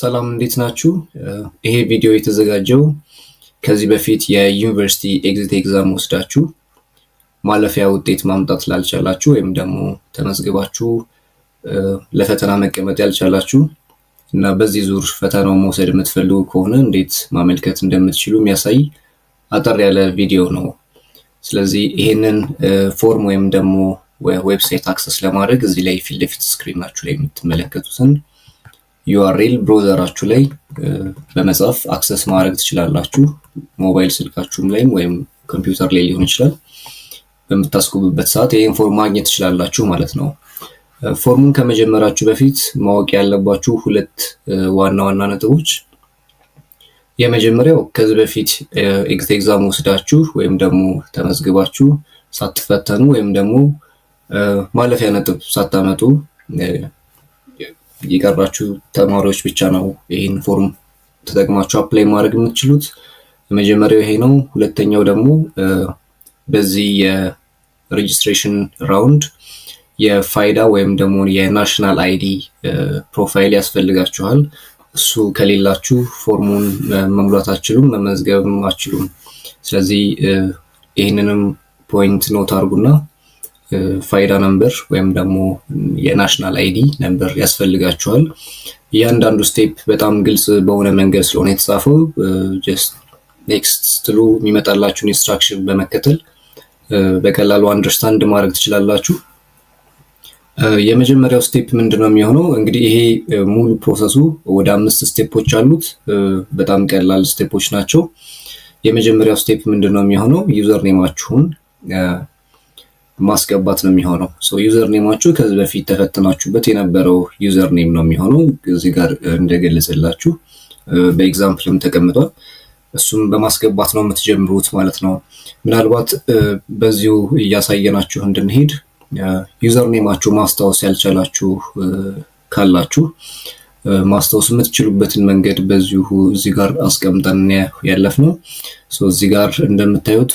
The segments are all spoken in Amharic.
ሰላም እንዴት ናችሁ? ይሄ ቪዲዮ የተዘጋጀው ከዚህ በፊት የዩኒቨርሲቲ ኤግዚት ኤግዛም ወስዳችሁ ማለፊያ ውጤት ማምጣት ላልቻላችሁ ወይም ደግሞ ተመዝግባችሁ ለፈተና መቀመጥ ያልቻላችሁ እና በዚህ ዙር ፈተናው መውሰድ የምትፈልጉ ከሆነ እንዴት ማመልከት እንደምትችሉ የሚያሳይ አጠር ያለ ቪዲዮ ነው። ስለዚህ ይሄንን ፎርም ወይም ደግሞ ዌብሳይት አክሰስ ለማድረግ እዚህ ላይ ፊት ለፊት ስክሪናችሁ ላይ የምትመለከቱትን ዩአርኤል ብሮዘራችሁ ላይ በመጻፍ አክሰስ ማድረግ ትችላላችሁ። ሞባይል ስልካችሁም ላይም ወይም ኮምፒውተር ላይ ሊሆን ይችላል። በምታስገቡበት ሰዓት ይህን ፎርም ማግኘት ትችላላችሁ ማለት ነው። ፎርሙን ከመጀመራችሁ በፊት ማወቅ ያለባችሁ ሁለት ዋና ዋና ነጥቦች የመጀመሪያው ከዚህ በፊት ኤግዛም ወስዳችሁ ወይም ደግሞ ተመዝግባችሁ ሳትፈተኑ ወይም ደግሞ ማለፊያ ነጥብ ሳታመጡ የቀራችሁ ተማሪዎች ብቻ ነው ይህን ፎርም ተጠቅማችሁ አፕላይ ማድረግ የምትችሉት። የመጀመሪያው ይሄ ነው። ሁለተኛው ደግሞ በዚህ የሬጅስትሬሽን ራውንድ የፋይዳ ወይም ደግሞ የናሽናል አይዲ ፕሮፋይል ያስፈልጋችኋል። እሱ ከሌላችሁ ፎርሙን መሙላት አችሉም፣ መመዝገብም አችሉም። ስለዚህ ይህንንም ፖይንት ኖት አድርጉና ፋይዳ ነምበር ወይም ደግሞ የናሽናል አይዲ ነምበር ያስፈልጋቸዋል። እያንዳንዱ ስቴፕ በጣም ግልጽ በሆነ መንገድ ስለሆነ የተጻፈው ጀስት ኔክስት ስትሉ የሚመጣላችሁን ኢንስትራክሽን በመከተል በቀላሉ አንደርስታንድ ማድረግ ትችላላችሁ። የመጀመሪያው ስቴፕ ምንድን ነው የሚሆነው? እንግዲህ ይሄ ሙሉ ፕሮሰሱ ወደ አምስት ስቴፖች አሉት። በጣም ቀላል ስቴፖች ናቸው። የመጀመሪያው ስቴፕ ምንድን ነው የሚሆነው? ዩዘር ኔማችሁን ማስገባት ነው የሚሆነው። ዩዘር ኔማችሁ ከዚህ በፊት ተፈትናችሁበት የነበረው ዩዘር ኔም ነው የሚሆነው። እዚህ ጋር እንደገለጽላችሁ በኤግዛምፕልም ተቀምጧል። እሱም በማስገባት ነው የምትጀምሩት ማለት ነው። ምናልባት በዚሁ እያሳየናችሁ እንድንሄድ ዩዘር ማስታወስ ያልቻላችሁ ካላችሁ ማስታወስ የምትችሉበትን መንገድ በዚሁ እዚህ ጋር አስቀምጠን ያለፍ ነው። እዚህ ጋር እንደምታዩት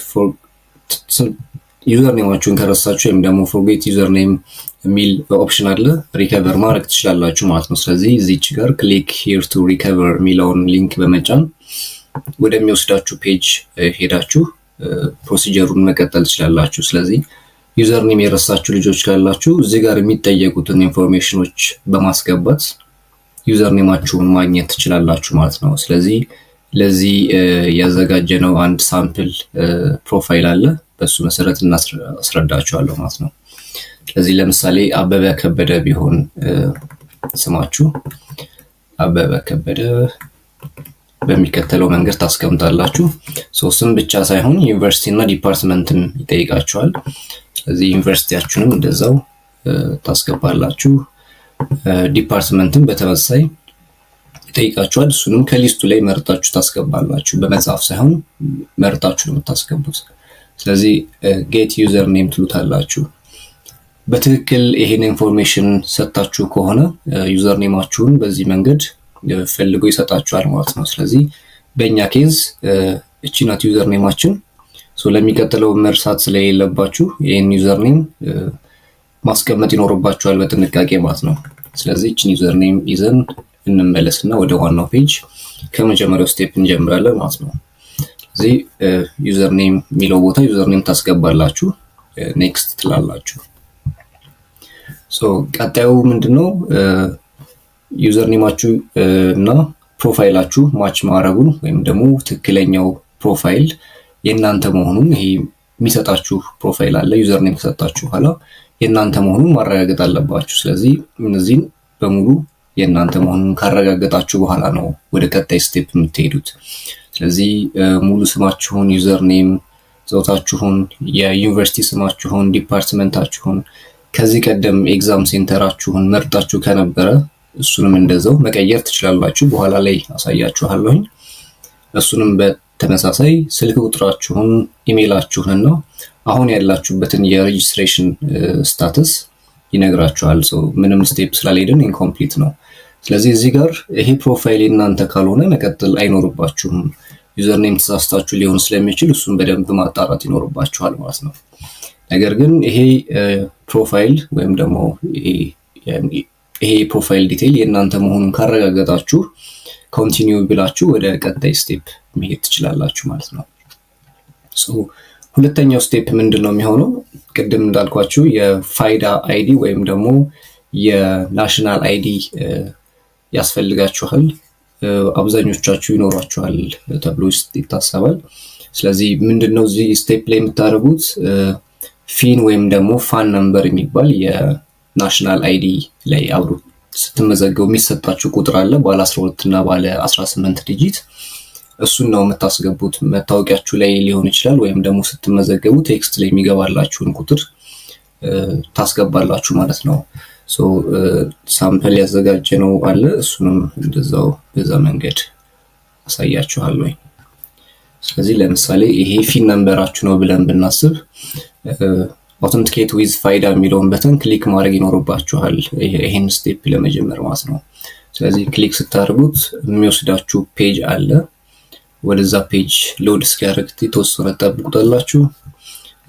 ዩዘር ኔማችሁን ከረሳችሁ ወይም ደግሞ ፎርጌት ዩዘር ኔም የሚል ኦፕሽን አለ ሪከቨር ማድረግ ትችላላችሁ ማለት ነው። ስለዚህ እዚች ጋር ክሊክ ሂር ቱ ሪከቨር የሚለውን ሊንክ በመጫን ወደሚወስዳችሁ ፔጅ ሄዳችሁ ፕሮሲጀሩን መቀጠል ትችላላችሁ። ስለዚህ ዩዘር ኔም የረሳችሁ ልጆች ካላችሁ እዚህ ጋር የሚጠየቁትን ኢንፎርሜሽኖች በማስገባት ዩዘር ማግኘት ትችላላችሁ ማለት ነው። ስለዚህ ለዚህ ያዘጋጀነው አንድ ሳምፕል ፕሮፋይል አለ በሱ መሰረት እናስረዳችኋለሁ ማለት ነው። ስለዚህ ለምሳሌ አበበ ከበደ ቢሆን ስማችሁ አበበ ከበደ በሚከተለው መንገድ ታስቀምጣላችሁ። ሶስም ብቻ ሳይሆን ዩኒቨርሲቲ እና ዲፓርትመንትም ይጠይቃችኋል። ስለዚህ ዩኒቨርሲቲያችሁንም እንደዛው ታስገባላችሁ። ዲፓርትመንትም በተመሳሳይ ይጠይቃችኋል። እሱንም ከሊስቱ ላይ መርጣችሁ ታስገባላችሁ። በመጽሐፍ ሳይሆን መርጣችሁ ነው የምታስገቡት። ስለዚህ ጌት ዩዘር ኔም ትሉታላችሁ። በትክክል ይሄን ኢንፎርሜሽን ሰጥታችሁ ከሆነ ዩዘር uh, ኔማችሁን በዚህ መንገድ uh, ፈልጎ ይሰጣችኋል ማለት ነው። ስለዚህ በእኛ ኬዝ uh, እቺ ናት ዩዘር ኔማችን። ለሚቀጥለው መርሳት ስለሌለባችሁ ይህን ዩዘር ኔም ማስቀመጥ ይኖርባችኋል በጥንቃቄ ማለት ነው። ስለዚህ እችን ዩዘር ኔም ይዘን እንመለስና ወደ ዋናው ፔጅ ከመጀመሪያው ስቴፕ እንጀምራለን ማለት ነው። እዚህ ዩዘር ኔም የሚለው ቦታ ዩዘርኔም ታስገባላችሁ፣ ኔክስት ትላላችሁ። ቀጣዩ ምንድነው ዩዘርኔማችሁ እና ፕሮፋይላችሁ ማች ማድረጉን ወይም ደግሞ ትክክለኛው ፕሮፋይል የእናንተ መሆኑን ይሄ የሚሰጣችሁ ፕሮፋይል አለ። ዩዘር ኔም ከሰጣችሁ በኋላ የእናንተ መሆኑን ማረጋገጥ አለባችሁ። ስለዚህ እነዚህን በሙሉ የእናንተ መሆኑን ካረጋገጣችሁ በኋላ ነው ወደ ቀጣይ ስቴፕ የምትሄዱት። ስለዚህ ሙሉ ስማችሁን፣ ዩዘር ኔም፣ ጾታችሁን፣ የዩኒቨርሲቲ ስማችሁን፣ ዲፓርትመንታችሁን ከዚህ ቀደም ኤግዛም ሴንተራችሁን መርጣችሁ ከነበረ እሱንም እንደዛው መቀየር ትችላላችሁ። በኋላ ላይ አሳያችኋለሁኝ። እሱንም በተመሳሳይ ስልክ ቁጥራችሁን፣ ኢሜይላችሁንና አሁን ያላችሁበትን የሬጅስትሬሽን ስታትስ ይነግራችኋል። ምንም ስቴፕ ስላልሄድን ኢንኮምፕሊት ነው። ስለዚህ እዚህ ጋር ይሄ ፕሮፋይል እናንተ ካልሆነ መቀጠል አይኖርባችሁም። ዩዘርኔም ተሳስታችሁ ሊሆን ስለሚችል እሱን በደንብ ማጣራት ይኖርባችኋል ማለት ነው። ነገር ግን ይሄ ፕሮፋይል ወይም ደግሞ ይሄ ፕሮፋይል ዲቴይል የእናንተ መሆኑን ካረጋገጣችሁ ኮንቲኒ ብላችሁ ወደ ቀጣይ ስቴፕ መሄድ ትችላላችሁ ማለት ነው። ሁለተኛው ስቴፕ ምንድን ነው የሚሆነው? ቅድም እንዳልኳችሁ የፋይዳ አይዲ ወይም ደግሞ የናሽናል አይዲ ያስፈልጋችኋል፣ አብዛኞቻችሁ ይኖሯችኋል ተብሎ ይታሰባል። ስለዚህ ምንድን ነው እዚህ ስቴፕ ላይ የምታደርጉት ፊን ወይም ደግሞ ፋን ነምበር የሚባል የናሽናል አይዲ ላይ አብሮ ስትመዘገቡ የሚሰጣችሁ ቁጥር አለ ባለ 12 እና ባለ 18 ዲጂት እሱን ነው የምታስገቡት። መታወቂያችሁ ላይ ሊሆን ይችላል ወይም ደግሞ ስትመዘገቡ ቴክስት ላይ የሚገባላችሁን ቁጥር ታስገባላችሁ ማለት ነው። ሳምፕል ያዘጋጀ ነው አለ። እሱንም እንደዛው በዛ መንገድ አሳያችኋለሁ። ስለዚህ ለምሳሌ ይሄ ፊን ነንበራችሁ ነው ብለን ብናስብ አውተንቲኬት ዊዝ ፋይዳ የሚለውን በተን ክሊክ ማድረግ ይኖርባችኋል። ይህን ስቴፕ ለመጀመር ማለት ነው። ስለዚህ ክሊክ ስታደርጉት የሚወስዳችሁ ፔጅ አለ። ወደዛ ፔጅ ሎድ እስኪያደርግ የተወሰነ ጠብቁታላችሁ።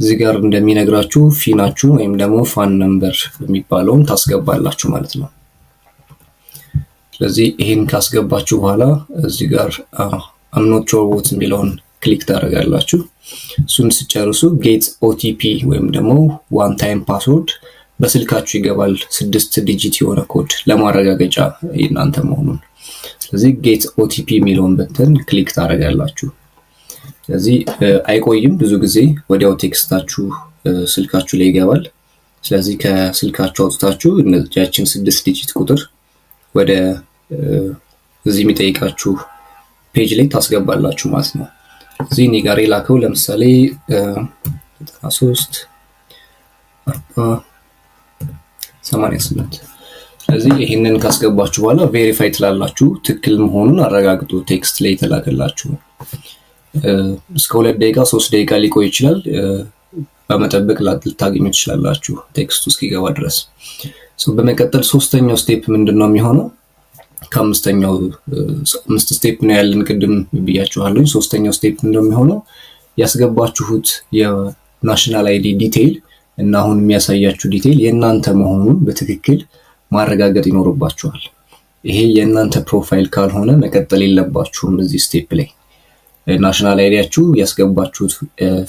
እዚህ ጋር እንደሚነግራችሁ ፊናችሁ ወይም ደግሞ ፋን ነምበር የሚባለውን ታስገባላችሁ ማለት ነው። ስለዚህ ይህን ካስገባችሁ በኋላ እዚህ ጋር አምኖቾ ቦት የሚለውን ክሊክ ታደርጋላችሁ። እሱን ስጨርሱ ጌት ኦቲፒ ወይም ደግሞ ዋን ታይም ፓስወርድ በስልካችሁ ይገባል። ስድስት ዲጂት የሆነ ኮድ ለማረጋገጫ እናንተ መሆኑን። ስለዚህ ጌት ኦቲፒ የሚለውን በተን ክሊክ ታደርጋላችሁ። ስለዚህ አይቆይም። ብዙ ጊዜ ወዲያው ቴክስታችሁ ስልካችሁ ላይ ይገባል። ስለዚህ ከስልካችሁ አውጥታችሁ እነዚያችን ስድስት ዲጂት ቁጥር ወደ እዚህ የሚጠይቃችሁ ፔጅ ላይ ታስገባላችሁ ማለት ነው። እዚህ እኔ ጋር የላከው ለምሳሌ ዘጠና ሶስት አርባ ሰማንያ ስምንት ስለዚህ ይህንን ካስገባችሁ በኋላ ቬሪፋይ ትላላችሁ። ትክክል መሆኑን አረጋግጡ። ቴክስት ላይ የተላከላችሁ እስከ ሁለት ደቂቃ ሶስት ደቂቃ ሊቆይ ይችላል። በመጠበቅ ልታገኙ ትችላላችሁ ቴክስቱ እስኪገባ ድረስ። በመቀጠል ሶስተኛው ስቴፕ ምንድን ነው የሚሆነው? ከአምስተኛው አምስት ስቴፕ ነው ያለን ቅድም ብያችኋለኝ። ሶስተኛው ስቴፕ የሚሆነው ያስገባችሁት የናሽናል አይዲ ዲቴይል እና አሁን የሚያሳያችሁ ዲቴይል የእናንተ መሆኑን በትክክል ማረጋገጥ ይኖርባችኋል። ይሄ የእናንተ ፕሮፋይል ካልሆነ መቀጠል የለባችሁም እዚህ ስቴፕ ላይ ናሽናል አይዲያችሁ ያስገባችሁት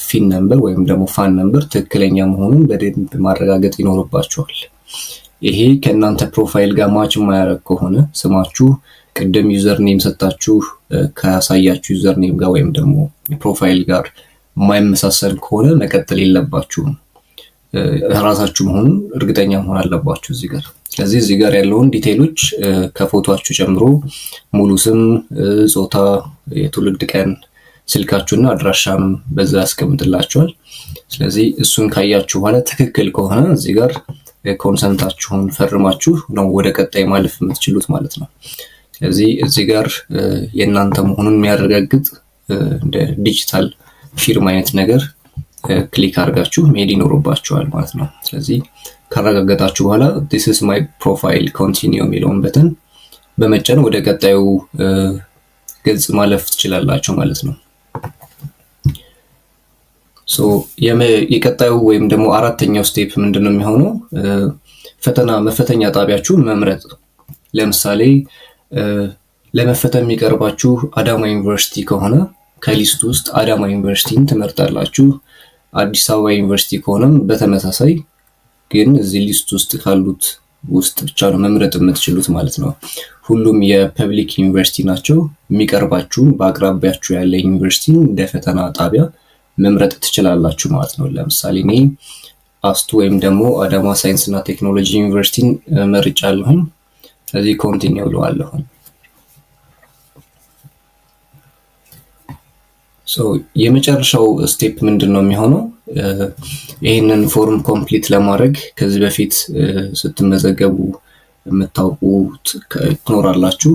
ፊን ነምበር ወይም ደግሞ ፋን ነንበር ትክክለኛ መሆኑን በደንብ ማረጋገጥ ይኖርባችኋል። ይሄ ከእናንተ ፕሮፋይል ጋር ማች የማያደርግ ከሆነ ስማችሁ ቅድም ዩዘርኔም ሰታችሁ ሰጣችሁ ካሳያችሁ ጋር ወይም ደግሞ ፕሮፋይል ጋር የማይመሳሰል ከሆነ መቀጠል የለባችሁም። ራሳችሁ መሆኑን እርግጠኛ መሆን አለባችሁ እዚህ ጋር። ስለዚህ እዚህ ጋር ያለውን ዲቴይሎች ከፎቶችሁ ጨምሮ ሙሉ ስም፣ ጾታ፣ የትውልድ ቀን፣ ስልካችሁና አድራሻም በዛ ያስቀምጥላችኋል። ስለዚህ እሱን ካያችሁ በኋላ ትክክል ከሆነ እዚህ ጋር ኮንሰንታችሁን ፈርማችሁ ነው ወደ ቀጣይ ማለፍ የምትችሉት ማለት ነው። ስለዚህ እዚህ ጋር የእናንተ መሆኑን የሚያረጋግጥ እንደ ዲጂታል ፊርማ አይነት ነገር ክሊክ አድርጋችሁ መሄድ ይኖርባችኋል ማለት ነው። ስለዚህ ካረጋገጣችሁ በኋላ ዲስ ኢዝ ማይ ፕሮፋይል ኮንቲኒው የሚለውን በተን በመጫን ወደ ቀጣዩ ገጽ ማለፍ ትችላላችሁ ማለት ነው። የቀጣዩ ወይም ደግሞ አራተኛው ስቴፕ ምንድን ነው የሚሆነው? ፈተና መፈተኛ ጣቢያችሁን መምረጥ። ለምሳሌ ለመፈተን የሚቀርባችሁ አዳማ ዩኒቨርሲቲ ከሆነ ከሊስት ውስጥ አዳማ ዩኒቨርሲቲን ትመርጣላችሁ። አዲስ አበባ ዩኒቨርሲቲ ከሆነም በተመሳሳይ ግን እዚህ ሊስት ውስጥ ካሉት ውስጥ ብቻ ነው መምረጥ የምትችሉት ማለት ነው። ሁሉም የፐብሊክ ዩኒቨርሲቲ ናቸው። የሚቀርባችሁም በአቅራቢያችሁ ያለ ዩኒቨርሲቲ እንደ ፈተና ጣቢያ መምረጥ ትችላላችሁ ማለት ነው። ለምሳሌ እኔ አስቱ ወይም ደግሞ አዳማ ሳይንስና ቴክኖሎጂ ዩኒቨርሲቲን መርጫ አለሁኝ። እዚህ ኮንቲኒው ብለዋለሁኝ። የመጨረሻው ስቴፕ ምንድን ነው የሚሆነው? ይህንን ፎርም ኮምፕሊት ለማድረግ ከዚህ በፊት ስትመዘገቡ የምታውቁት ትኖራላችሁ።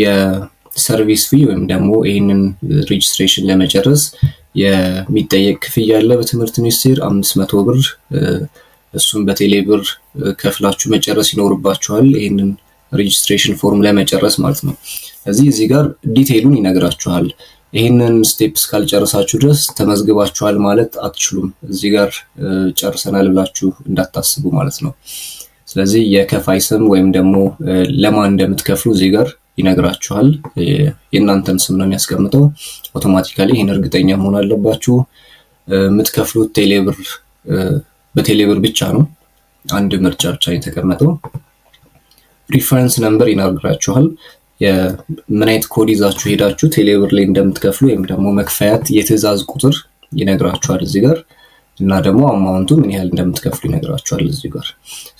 የሰርቪስ ፊ ወይም ደግሞ ይህንን ሬጅስትሬሽን ለመጨረስ የሚጠየቅ ክፍያ አለ በትምህርት ሚኒስቴር አምስት መቶ ብር። እሱም በቴሌ ብር ከፍላችሁ መጨረስ ይኖርባችኋል። ይህንን ሬጅስትሬሽን ፎርም ለመጨረስ ማለት ነው። ስለዚህ እዚህ ጋር ዲቴይሉን ይነግራችኋል። ይህንን ስቴፕ እስካልጨረሳችሁ ድረስ ተመዝግባችኋል ማለት አትችሉም። እዚህ ጋር ጨርሰናል ብላችሁ እንዳታስቡ ማለት ነው። ስለዚህ የከፋይ ስም ወይም ደግሞ ለማን እንደምትከፍሉ እዚህ ጋር ይነግራችኋል። የእናንተን ስም ነው የሚያስቀምጠው አውቶማቲካሊ። ይህን እርግጠኛ መሆን አለባችሁ። የምትከፍሉት ቴሌብር በቴሌብር ብቻ ነው። አንድ ምርጫ ብቻ የተቀመጠው ሪፈረንስ ነምበር ይነግራችኋል። ምን አይነት ኮድ ይዛችሁ ሄዳችሁ ቴሌብር ላይ እንደምትከፍሉ ወይም ደግሞ መክፈያት የትዕዛዝ ቁጥር ይነግራችኋል እዚህ ጋር እና ደግሞ አማውንቱ ምን ያህል እንደምትከፍሉ ይነግራችኋል እዚህ ጋር።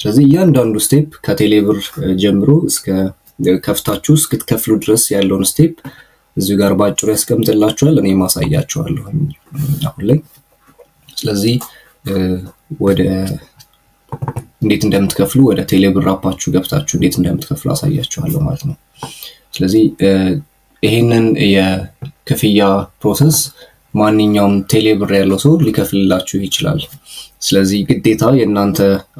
ስለዚህ እያንዳንዱ ስቴፕ ከቴሌብር ጀምሮ እስከ ከፍታችሁ እስክትከፍሉ ድረስ ያለውን ስቴፕ እዚሁ ጋር በአጭሩ ያስቀምጥላችኋል። እኔ ማሳያችኋለሁ አሁን ላይ። ስለዚህ ወደ እንዴት እንደምትከፍሉ ወደ ቴሌብር አፓችሁ ገብታችሁ እንዴት እንደምትከፍሉ አሳያችኋለሁ ማለት ነው። ስለዚህ ይህንን የክፍያ ፕሮሰስ ማንኛውም ቴሌብር ያለው ሰው ሊከፍልላችሁ ይችላል። ስለዚህ ግዴታ የእናንተ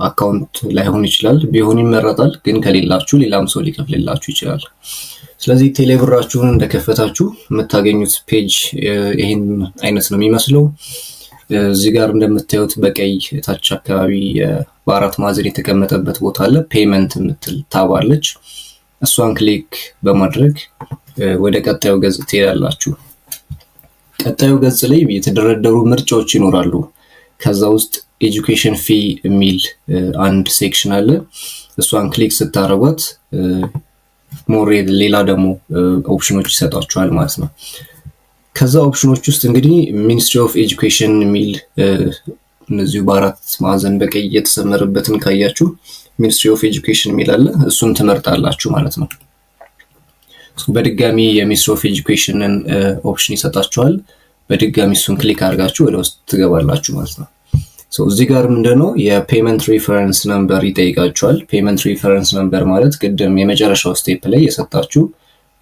አካውንት ላይሆን ይችላል፣ ቢሆን ይመረጣል። ግን ከሌላችሁ ሌላም ሰው ሊከፍልላችሁ ይችላል። ስለዚህ ቴሌብራችሁን እንደከፈታችሁ የምታገኙት ፔጅ ይህን አይነት ነው የሚመስለው። እዚህ ጋር እንደምታዩት በቀይ ታች አካባቢ በአራት ማዕዘን የተቀመጠበት ቦታ አለ። ፔመንት የምትል ታባለች። እሷን ክሊክ በማድረግ ወደ ቀጣዩ ገጽ ትሄዳላችሁ። ቀጣዩ ገጽ ላይ የተደረደሩ ምርጫዎች ይኖራሉ። ከዛ ውስጥ ኤጁኬሽን ፊ የሚል አንድ ሴክሽን አለ። እሷን ክሊክ ስታረጓት ሞሬ ሌላ ደግሞ ኦፕሽኖች ይሰጧችኋል ማለት ነው። ከዛ ኦፕሽኖች ውስጥ እንግዲህ ሚኒስትሪ ኦፍ ኤጁኬሽን የሚል እነዚሁ በአራት ማዕዘን በቀይ የተሰመረበትን ካያችሁ ሚኒስትሪ ኦፍ ኤጁኬሽን የሚል አለ። እሱን ትመርጣላችሁ ማለት ነው። በድጋሚ የሚኒስትሪ ኦፍ ኤጁኬሽንን ኦፕሽን ይሰጣችኋል። በድጋሚ እሱን ክሊክ አድርጋችሁ ወደ ውስጥ ትገባላችሁ ማለት ነው። እዚህ ጋር ምንድነው የፔመንት ሪፈረንስ ነምበር ይጠይቃችኋል። ፔመንት ሪፈረንስ ነምበር ማለት ቅድም የመጨረሻው ስቴፕ ላይ የሰጣችሁ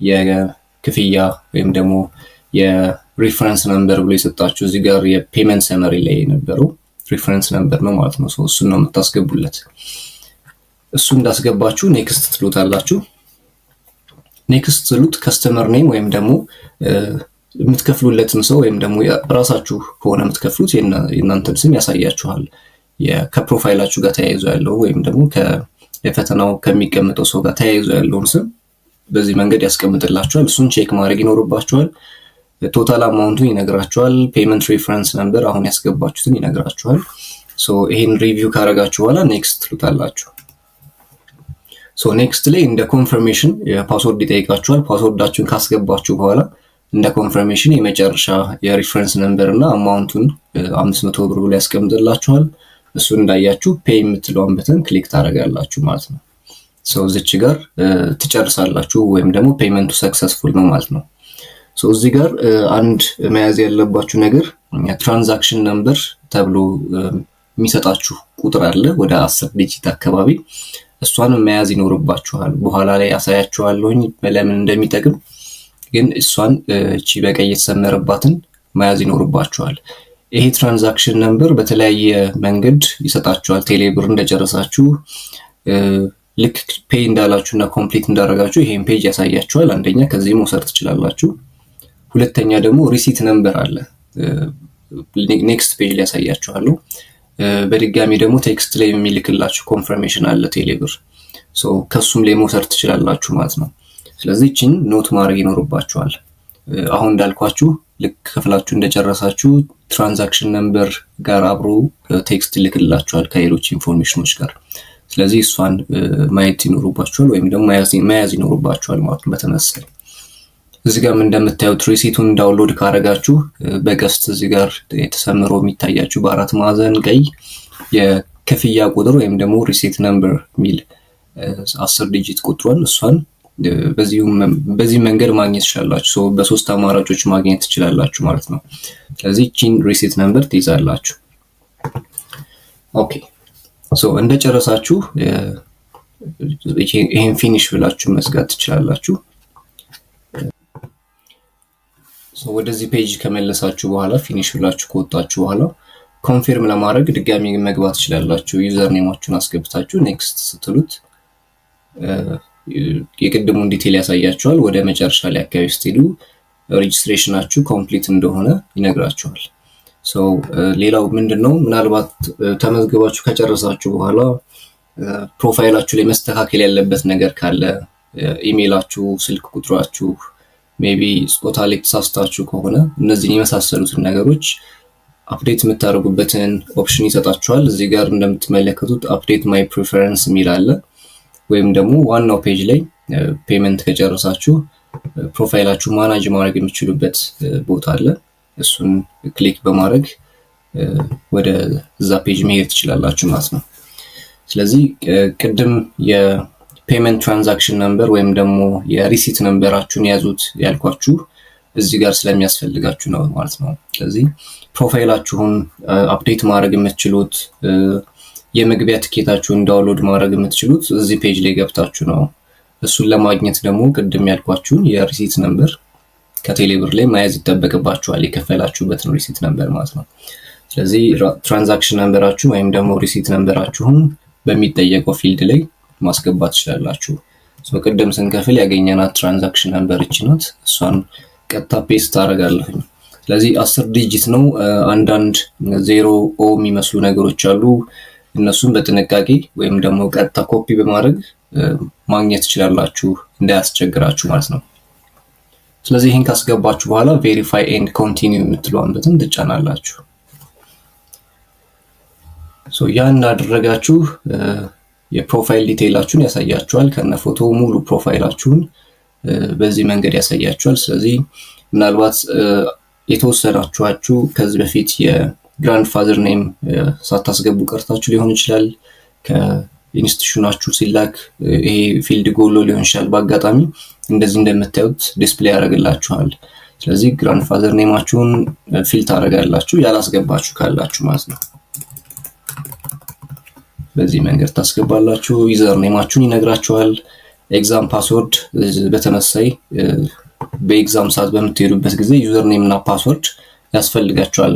የክፍያ ወይም ደግሞ የሪፈረንስ ነምበር ብሎ የሰጣችሁ እዚህ ጋር የፔመንት ሰመሪ ላይ የነበረው ሪፈረንስ ነምበር ነው ማለት ነው። እሱን ነው የምታስገቡለት። እሱ እንዳስገባችሁ ኔክስት ትሉት አላችሁ። ኔክስት ትሉት ከስተመር ኔም ወይም ደግሞ የምትከፍሉለትን ሰው ወይም ደግሞ ራሳችሁ ከሆነ የምትከፍሉት የእናንተን ስም ያሳያችኋል። ከፕሮፋይላችሁ ጋር ተያይዞ ያለው ወይም ደግሞ የፈተናው ከሚቀመጠው ሰው ጋር ተያይዞ ያለውን ስም በዚህ መንገድ ያስቀምጥላችኋል። እሱን ቼክ ማድረግ ይኖርባችኋል። ቶታል አማውንቱን ይነግራችኋል። ፔመንት ሬፈረንስ ነምበር አሁን ያስገባችሁትን ይነግራችኋል። ይህን ሪቪው ካረጋችሁ በኋላ ኔክስት ትሉታላችሁ። ሶ ኔክስት ላይ እንደ ኮንፈርሜሽን የፓስወርድ ይጠይቃችኋል። ፓስወርዳችሁን ካስገባችሁ በኋላ እንደ ኮንፈርሜሽን የመጨረሻ የሪፈረንስ ነምበር እና አማውንቱን አምስት መቶ ብር ብሎ ያስቀምጥላችኋል። እሱን እንዳያችሁ ፔይ የምትለውን በተን ክሊክ ታደርጋላችሁ ማለት ነው። ሰው ዝች ጋር ትጨርሳላችሁ ወይም ደግሞ ፔይመንቱ ሰክሰስፉል ነው ማለት ነው። እዚህ ጋር uh, አንድ መያዝ ያለባችሁ ነገር ትራንዛክሽን ነምበር ተብሎ um, የሚሰጣችሁ ቁጥር አለ ወደ አስር ዲጂት አካባቢ እሷን መያዝ ይኖርባችኋል። በኋላ ላይ አሳያችኋለሁኝ ለምን እንደሚጠቅም ግን እሷን uh, እቺ በቀይ የተሰመረባትን መያዝ ይኖርባችኋል። ይሄ ትራንዛክሽን ነምበር በተለያየ መንገድ ይሰጣችኋል። ቴሌብር እንደጨረሳችሁ uh, ልክ ፔይ እንዳላችሁ እና ኮምፕሊት እንዳደረጋችሁ ይሄን ፔጅ ያሳያችኋል። አንደኛ ከዚህ መውሰድ ትችላላችሁ። ሁለተኛ ደግሞ ሪሲት ነምበር አለ። ኔክስት ፔጅ ሊያሳያችኋሉ በድጋሚ ደግሞ ቴክስት ላይ የሚልክላችሁ ኮንፈርሜሽን አለ ቴሌብር፣ ከሱም ላይ መውሰድ ትችላላችሁ ማለት ነው። ስለዚህ ችን ኖት ማድረግ ይኖርባችኋል። አሁን እንዳልኳችሁ ልክ ከፍላችሁ እንደጨረሳችሁ ትራንዛክሽን ነምበር ጋር አብሮ ቴክስት ይልክላችኋል ከሌሎች ኢንፎርሜሽኖች ጋር። ስለዚህ እሷን ማየት ይኖርባችኋል ወይም ደግሞ መያዝ ይኖርባችኋል ማለት ነው በተመሳሳይ እዚህ ጋም እንደምታዩት ሪሲቱን ዳውንሎድ ካረጋችሁ በገስት እዚህ ጋር የተሰምሮ የሚታያችሁ በአራት ማዕዘን ቀይ የክፍያ ቁጥር ወይም ደግሞ ሪሲት ነምበር የሚል አስር ዲጂት ቁጥሯን እሷን በዚህ መንገድ ማግኘት ትችላላችሁ። በሶስት አማራጮች ማግኘት ትችላላችሁ ማለት ነው። ስለዚህ ቺን ሪሲት ነምበር ትይዛላችሁ። ኦኬ ሶ እንደጨረሳችሁ ይህን ፊኒሽ ብላችሁ መዝጋት ትችላላችሁ። ወደዚህ ፔጅ ከመለሳችሁ በኋላ ፊኒሽ ብላችሁ ከወጣችሁ በኋላ ኮንፊርም ለማድረግ ድጋሚ መግባት ትችላላችሁ። ዩዘር ኔማችሁን አስገብታችሁ ኔክስት ስትሉት uh, የቅድሙን ዲቴል ያሳያችኋል። ወደ መጨረሻ ላይ አካባቢ ስትሄዱ ሬጅስትሬሽናችሁ ኮምፕሊት እንደሆነ ይነግራችኋል። ሰው uh, ሌላው ምንድን ነው ምናልባት uh, ተመዝግባችሁ ከጨረሳችሁ በኋላ ፕሮፋይላችሁ ላይ መስተካከል ያለበት ነገር ካለ ኢሜይላችሁ፣ ስልክ ቁጥራችሁ ሜቢ ጾታ ላይ ተሳስታችሁ ከሆነ እነዚህን የመሳሰሉትን ነገሮች አፕዴት የምታደርጉበትን ኦፕሽን ይሰጣችኋል። እዚህ ጋር እንደምትመለከቱት አፕዴት ማይ ፕሪፈረንስ የሚል አለ። ወይም ደግሞ ዋናው ፔጅ ላይ ፔመንት ከጨረሳችሁ ፕሮፋይላችሁ ማናጅ ማድረግ የሚችሉበት ቦታ አለ። እሱን ክሊክ በማድረግ ወደ እዛ ፔጅ መሄድ ትችላላችሁ ማለት ነው። ስለዚህ ቅድም ፔመንት ትራንዛክሽን ነምበር ወይም ደግሞ የሪሲት ነምበራችሁን የያዙት ያልኳችሁ እዚህ ጋር ስለሚያስፈልጋችሁ ነው ማለት ነው። ስለዚህ ፕሮፋይላችሁን አፕዴት ማድረግ የምትችሉት የመግቢያ ትኬታችሁን ዳውንሎድ ማድረግ የምትችሉት እዚህ ፔጅ ላይ ገብታችሁ ነው። እሱን ለማግኘት ደግሞ ቅድም ያልኳችሁን የሪሲት ነምበር ከቴሌብር ላይ መያዝ ይጠበቅባችኋል፣ የከፈላችሁበትን ሪሲት ነምበር ማለት ነው። ስለዚህ ትራንዛክሽን ነምበራችሁ ወይም ደግሞ ሪሲት ነምበራችሁን በሚጠየቀው ፊልድ ላይ ማስገባት ትችላላችሁ። በቅድም ስንከፍል ያገኘናት ትራንዛክሽን አንበርች ናት። እሷን ቀጥታ ፔስት ታደርጋለሁኝ። ስለዚህ አስር ዲጂት ነው። አንዳንድ ዜሮ ኦ የሚመስሉ ነገሮች አሉ። እነሱን በጥንቃቄ ወይም ደግሞ ቀጥታ ኮፒ በማድረግ ማግኘት ትችላላችሁ፣ እንዳያስቸግራችሁ ማለት ነው። ስለዚህ ይህን ካስገባችሁ በኋላ ቬሪፋይ ኤንድ ኮንቲኒው የምትለዋን በትን ትጫናላችሁ። ያን እንዳደረጋችሁ የፕሮፋይል ዲቴይላችሁን ያሳያችኋል። ከነ ፎቶ ሙሉ ፕሮፋይላችሁን በዚህ መንገድ ያሳያችኋል። ስለዚህ ምናልባት የተወሰናችኋችሁ ከዚህ በፊት የግራንድ ፋዘር ኔም ሳታስገቡ ቀርታችሁ ሊሆን ይችላል። ከኢንስቲቱሽናችሁ ሲላክ ይሄ ፊልድ ጎሎ ሊሆን ይችላል። በአጋጣሚ እንደዚህ እንደምታዩት ዲስፕሌይ ያደርግላችኋል። ስለዚህ ግራንድ ፋዘር ኔማችሁን ፊል ታደርጋላችሁ ያላስገባችሁ ካላችሁ ማለት ነው። በዚህ መንገድ ታስገባላችሁ። ዩዘር ኔማችሁን ይነግራችኋል። ኤግዛም ፓስወርድ በተመሳይ በኤግዛም ሰዓት በምትሄዱበት ጊዜ ዩዘር እና ፓስወርድ ያስፈልጋቸዋል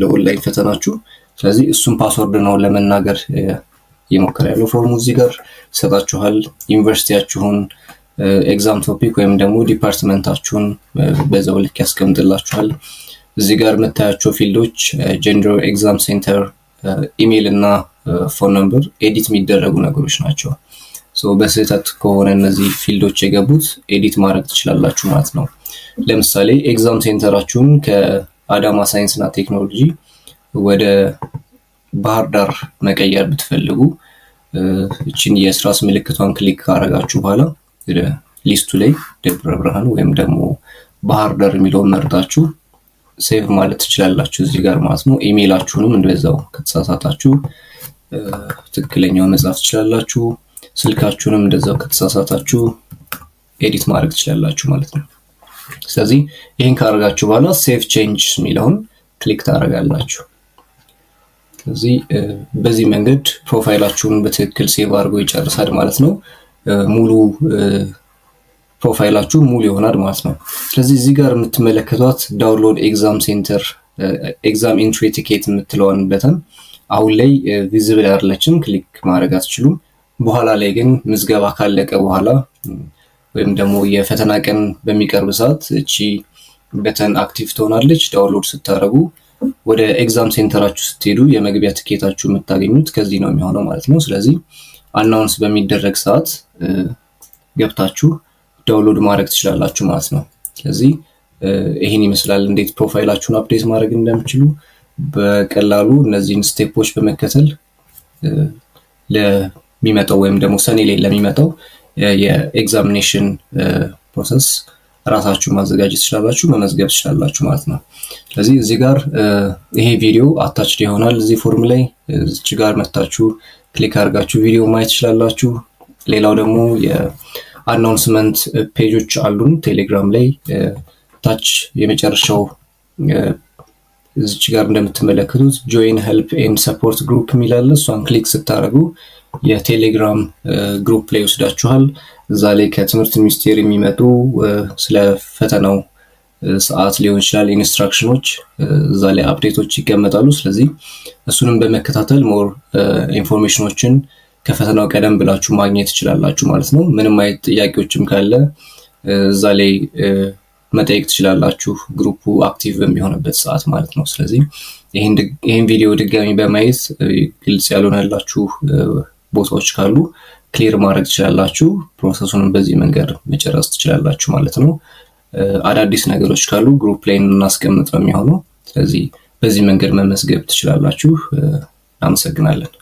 ለኦንላይን ፈተናችሁ። ስለዚህ እሱም ፓስወርድ ነው ለመናገር የሞከረ ያለው ፎርሙ እዚህ ጋር ይሰጣችኋል። ዩኒቨርሲቲያችሁን፣ ኤግዛም ቶፒክ ወይም ደግሞ ዲፓርትመንታችሁን በዛው ልክ ያስቀምጥላችኋል። እዚህ ጋር የምታያቸው ፊልዶች ጀንደር፣ ኤግዛም ሴንተር፣ ኢሜይል እና ፎን ነምበር ኤዲት የሚደረጉ ነገሮች ናቸው። በስህተት ከሆነ እነዚህ ፊልዶች የገቡት ኤዲት ማድረግ ትችላላችሁ ማለት ነው። ለምሳሌ ኤግዛም ሴንተራችሁን ከአዳማ እና ቴክኖሎጂ ወደ ባህር ዳር መቀየር ብትፈልጉ እችን የስራስ ምልክቷን ክሊክ ካረጋችሁ በኋላ ሊስቱ ላይ ደብረ ብርሃን ወይም ደግሞ ባህር ዳር የሚለውን መርጣችሁ ሴቭ ማለት ትችላላችሁ እዚህ ጋር ማለት ነው። ኢሜይላችሁንም እንደዛው ከተሳሳታችሁ ትክክለኛው መጻፍ ትችላላችሁ። ስልካችሁንም እንደዛው ከተሳሳታችሁ ኤዲት ማድረግ ትችላላችሁ ማለት ነው። ስለዚህ ይህን ካደረጋችሁ በኋላ ሴቭ ቼንጅ የሚለውን ክሊክ ታደርጋላችሁ። ስለዚህ በዚህ መንገድ ፕሮፋይላችሁን በትክክል ሴቭ አድርጎ ይጨርሳል ማለት ነው ሙሉ ፕሮፋይላችሁ ሙሉ ይሆናል ማለት ነው። ስለዚህ እዚህ ጋር የምትመለከቷት ዳውንሎድ ኤግዛም ሴንተር ኤግዛም ኢንትሪ ቲኬት የምትለዋን በተን አሁን ላይ ቪዝብል አይደለችም፣ ክሊክ ማድረግ አትችሉም። በኋላ ላይ ግን ምዝገባ ካለቀ በኋላ ወይም ደግሞ የፈተና ቀን በሚቀርብ ሰዓት እቺ በተን አክቲቭ ትሆናለች። ዳውንሎድ ስታደረጉ ወደ ኤግዛም ሴንተራችሁ ስትሄዱ የመግቢያ ትኬታችሁ የምታገኙት ከዚህ ነው የሚሆነው ማለት ነው። ስለዚህ አናውንስ በሚደረግ ሰዓት ገብታችሁ ዳውንሎድ ማድረግ ትችላላችሁ ማለት ነው። ስለዚህ ይህን ይመስላል እንዴት ፕሮፋይላችሁን አፕዴት ማድረግ እንደምችሉ በቀላሉ እነዚህን ስቴፖች በመከተል ለሚመጣው ወይም ደግሞ ሰኔ ላይ ለሚመጣው የኤግዛሚኔሽን ፕሮሰስ ራሳችሁ ማዘጋጀት ትችላላችሁ፣ መመዝገብ ትችላላችሁ ማለት ነው። ስለዚህ እዚህ ጋር ይሄ ቪዲዮ አታችድ ይሆናል። እዚህ ፎርም ላይ እዚህ ጋር መታችሁ ክሊክ አድርጋችሁ ቪዲዮ ማየት ትችላላችሁ። ሌላው ደግሞ አናውንስመንት ፔጆች uh, አሉን ቴሌግራም ላይ uh, ታች የመጨረሻው uh, እዚች ጋር እንደምትመለከቱት ጆይን ሄልፕ ኤንድ ሰፖርት ግሩፕ የሚላለ እሷን ክሊክ ስታደርጉ የቴሌግራም ግሩፕ ላይ ይወስዳችኋል። እዛ ላይ ከትምህርት ሚኒስቴር የሚመጡ ስለ ፈተናው ሰዓት ሊሆን ይችላል ኢንስትራክሽኖች እዛ ላይ አፕዴቶች ይቀመጣሉ። ስለዚህ እሱንም በመከታተል ሞር ኢንፎርሜሽኖችን ከፈተናው ቀደም ብላችሁ ማግኘት ትችላላችሁ ማለት ነው። ምንም አይነት ጥያቄዎችም ካለ እዛ ላይ መጠየቅ ትችላላችሁ፣ ግሩፑ አክቲቭ በሚሆንበት ሰዓት ማለት ነው። ስለዚህ ይህን ቪዲዮ ድጋሚ በማየት ግልጽ ያልሆነላችሁ ቦታዎች ካሉ ክሊር ማድረግ ትችላላችሁ። ፕሮሰሱንም በዚህ መንገድ መጨረስ ትችላላችሁ ማለት ነው። አዳዲስ ነገሮች ካሉ ግሩፕ ላይ እናስቀምጥ ነው የሚሆነው። ስለዚህ በዚህ መንገድ መመዝገብ ትችላላችሁ። እናመሰግናለን።